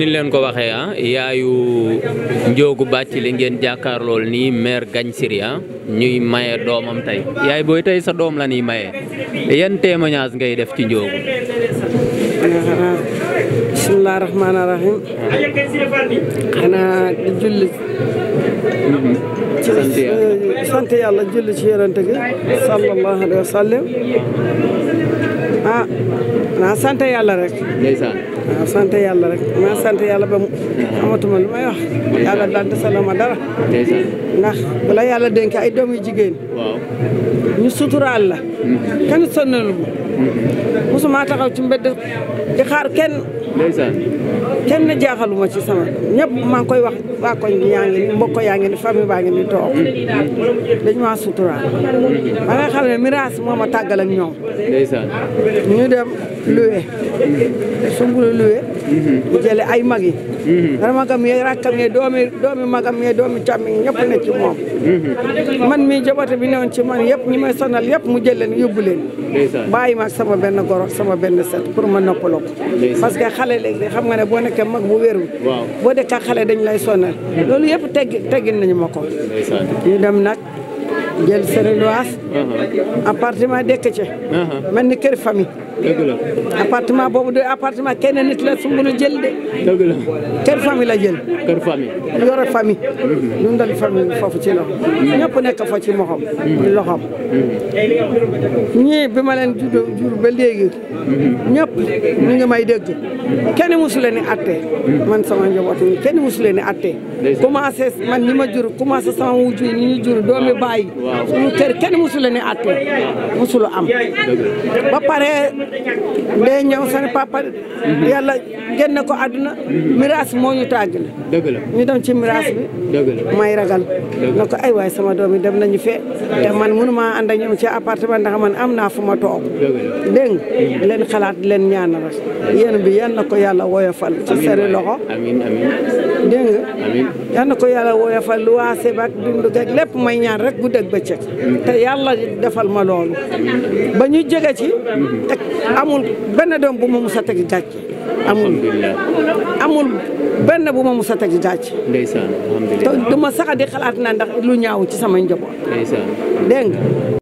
ni leen ko waxee ah yaayu Ndiogou li ngeen jàkkaarlool nii maire Gagne Siry ah, ñuy maye doomam tey yaay booy tey sa doom la ñuy maye yan témoignage ngay def ci Ndiogou. bismilaahi xanaa julli. ci yonent gi sallallahu alayhi a ah, naa sant yàlla rek. ndeysaan. waaw sant yàlla rek ma sant yàlla ba mu. amatuma lu may wax. yàlla daal desala ma dara. ndeysaan. ndax bala yàlla dénk ay doom yu jigéen. waaw. ñu suturaal la. Mm-hmm. kenn sonnalu ma. mosuma mm-hmm. taxaw ci di xaar kenn. ndeysaan kenn jaaxaluma ci sama ñëpp maa ngi koy wax waa koñ yaa ngi mbokk yaa ngi ni famille baa ngi ni toog dañu maa sutural ba nga xam ne miraas moo ma tàggal ak ñoom ñu dem luwe sumbulu luwe bu jële ay mag yi mm-hmm. dana magam yee rakkam yee doomi doomi magam yee doomi càmmi ñëpp na ci moom mm-hmm. man mi jabote bi newoon ci man yëpp ñi may sonal yëpp mu jël leen yóbbu leen bàyyi ma ak sama benn goro sama benn set pour ma noppaloo parce que xale léegi xam nga ne boo nekkee mag bu wérul boo dëkkaa xale dañ lay sonal mm-hmm. loolu yëpp tegg teggin nañu ma ko ñu dem na jël seen luwaas mhm. appartement dëkk ci mhm. mel ni kër famille dëgg la appartement boobu de appartement kenn nit la su mën a jël de la kër famille la jël kër famille yore famille ñu mhm. dal famille foofu ci loxo ñëpp nekk ci moxom loxom ñii bi ma leen jur jur ba léegi ñëpp ñu ngi may dégg kenn musu leen atte man sama njaboot kenn musu leen atte commencé man ñi ma jur commencé sama wujju ñi jur doomi bàyyi suñu kër kenn mosu la ne àtte mosula am ba pare day ñëw seen papa yàlla na ko àdduna miraas moo ñu tàggale dëgg la ñu dem ci miraas bi dëgg la may ragal na ko ay waay sama doom yi dem nañu fee te man mënuma ànd ak ñoom ci appartement ndax man am naa fu ma toog dégg nga leen xalaat leen ñaanal rek yéen bi yal na ko yàlla woyofal ci seen loxo dégg nga yal na ko yàlla woyofal lu waase ba ak dund geeg lépp may ñaan rek bu dëgg bëccëg te yàlla defal ma loolu ba ñu jege ci te amul benn doom bu ma mus a teg amul amul benn bu ma mus a teg jàcc ndeysaan te du ma sax di xalaat na ndax lu ñaaw ci sama njaboot dégg